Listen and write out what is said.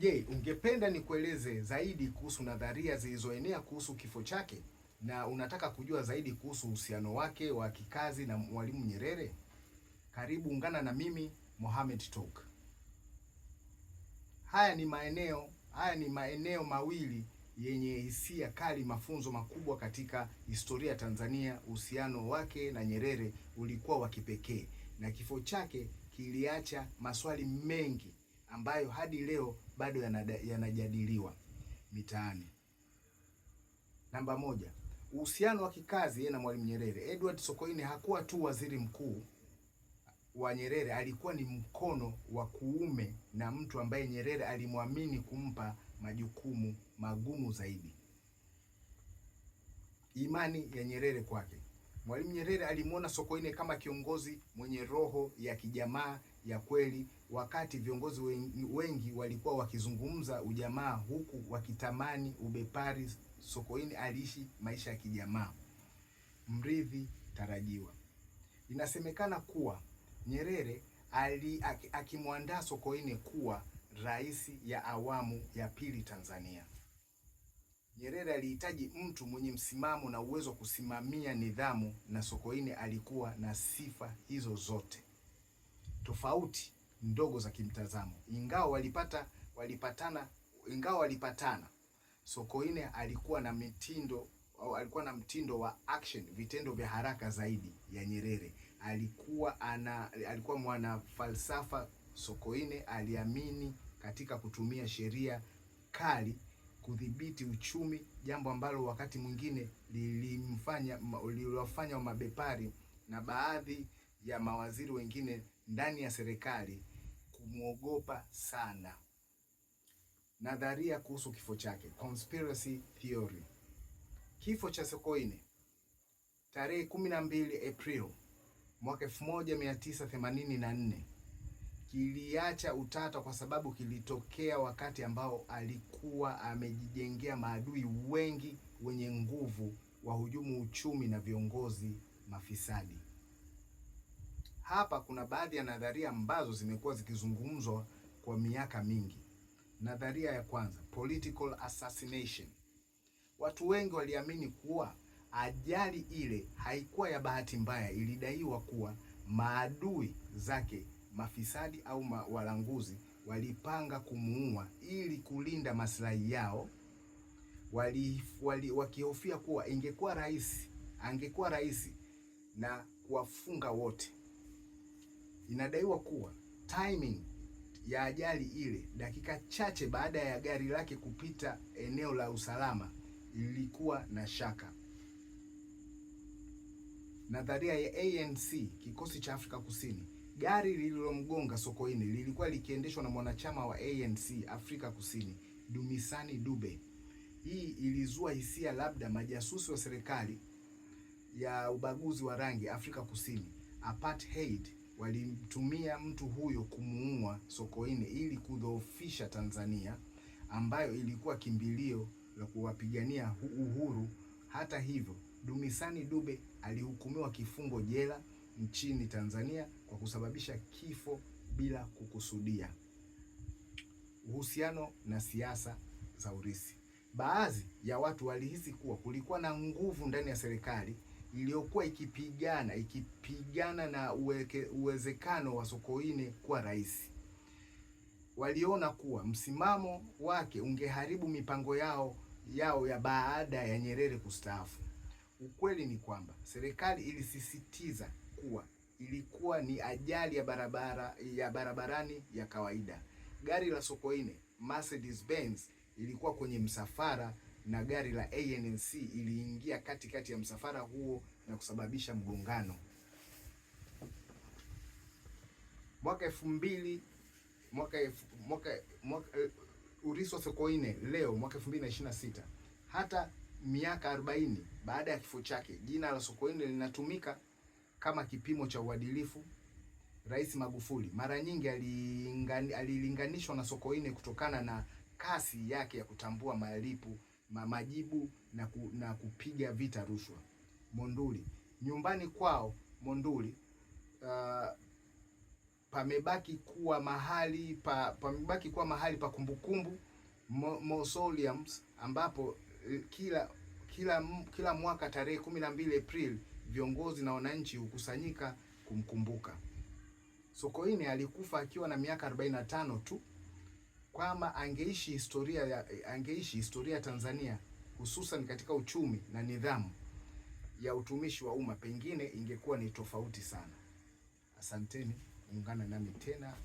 Je, ungependa nikueleze zaidi kuhusu nadharia zilizoenea kuhusu kifo chake na unataka kujua zaidi kuhusu uhusiano wake wa kikazi na Mwalimu Nyerere? Karibu ungana na mimi Mohamed Tok. Haya ni maeneo haya ni maeneo mawili yenye hisia kali, mafunzo makubwa katika historia ya Tanzania. Uhusiano wake na Nyerere ulikuwa wa kipekee na kifo chake kiliacha maswali mengi ambayo hadi leo bado yanajadiliwa mitaani. Namba moja, uhusiano wa kikazi yeye na Mwalimu Nyerere. Edward Sokoine hakuwa tu waziri mkuu wa Nyerere, alikuwa ni mkono wa kuume na mtu ambaye Nyerere alimwamini kumpa majukumu magumu zaidi. Imani ya Nyerere kwake. Mwalimu Nyerere alimwona Sokoine kama kiongozi mwenye roho ya kijamaa ya kweli, wakati viongozi wengi walikuwa wakizungumza ujamaa huku wakitamani ubepari. Sokoine aliishi maisha ya kijamaa, mrithi tarajiwa. Inasemekana kuwa Nyerere akimwandaa Sokoine kuwa rais ya awamu ya pili Tanzania. Nyerere alihitaji mtu mwenye msimamo na uwezo wa kusimamia nidhamu, na Sokoine alikuwa na sifa hizo zote tofauti ndogo za kimtazamo, ingawa walipata walipatana, ingawa walipatana, Sokoine alikuwa na mitindo au alikuwa na mtindo wa action, vitendo vya haraka zaidi ya Nyerere. Alikuwa ana alikuwa mwana falsafa. Sokoine aliamini katika kutumia sheria kali kudhibiti uchumi, jambo ambalo wakati mwingine lilimfanya liliwafanya mabepari na baadhi ya mawaziri wengine ndani ya serikali kumwogopa sana. Nadharia kuhusu kifo chake, conspiracy theory. Kifo cha Sokoine tarehe 12 April mwaka 1984 kiliacha utata kwa sababu kilitokea wakati ambao alikuwa amejijengea maadui wengi wenye nguvu, wahujumu uchumi na viongozi mafisadi. Hapa kuna baadhi ya nadharia ambazo zimekuwa zikizungumzwa kwa miaka mingi. Nadharia ya kwanza, political assassination. Watu wengi waliamini kuwa ajali ile haikuwa ya bahati mbaya, ilidaiwa kuwa maadui zake mafisadi au ma walanguzi walipanga kumuua ili kulinda maslahi yao, wali, wali, wakihofia kuwa ingekuwa rais angekuwa rahisi na kuwafunga wote Inadaiwa kuwa timing ya ajali ile, dakika chache baada ya gari lake kupita eneo la usalama, ilikuwa na shaka. Nadharia ya ANC, kikosi cha Afrika Kusini. Gari lililomgonga Sokoine lilikuwa likiendeshwa na mwanachama wa ANC Afrika Kusini, Dumisani Dube. Hii ilizua hisia labda majasusi wa serikali ya ubaguzi wa rangi Afrika Kusini, apartheid walimtumia mtu huyo kumuua Sokoine ili kudhoofisha Tanzania ambayo ilikuwa kimbilio la kuwapigania uhuru. Hata hivyo, Dumisani Dube alihukumiwa kifungo jela nchini Tanzania kwa kusababisha kifo bila kukusudia. Uhusiano na siasa za urithi. Baadhi ya watu walihisi kuwa kulikuwa na nguvu ndani ya serikali iliyokuwa ikipigana ikipigana na uweke, uwezekano wa Sokoine kuwa rais. Waliona kuwa msimamo wake ungeharibu mipango yao yao ya baada ya Nyerere kustaafu. Ukweli ni kwamba serikali ilisisitiza kuwa ilikuwa ni ajali ya barabara ya barabarani ya kawaida. Gari la Sokoine Mercedes Benz ilikuwa kwenye msafara na gari la ANC iliingia katikati ya msafara huo na kusababisha mgongano. Mwaka elfu mbili mwaka mwaka mwaka Uriso Sokoine leo mwaka sita hata miaka 40 baada ya kifo chake, jina la Sokoine linatumika kama kipimo cha uadilifu. Rais Magufuli mara nyingi alilinganishwa na Sokoine kutokana na kasi yake ya kutambua malipo majibu na, ku, na kupiga vita rushwa. Monduli nyumbani kwao Monduli uh, pamebaki kuwa mahali pa, pamebaki kuwa mahali pa kumbukumbu mausoleums ambapo eh, kila kila kila mwaka tarehe kumi na mbili Aprili viongozi na wananchi hukusanyika kumkumbuka. Sokoine alikufa akiwa na miaka 45 tu kwamba angeishi historia ya angeishi historia ya Tanzania hususan katika uchumi na nidhamu ya utumishi wa umma, pengine ingekuwa ni tofauti sana. Asanteni, ungana nami tena.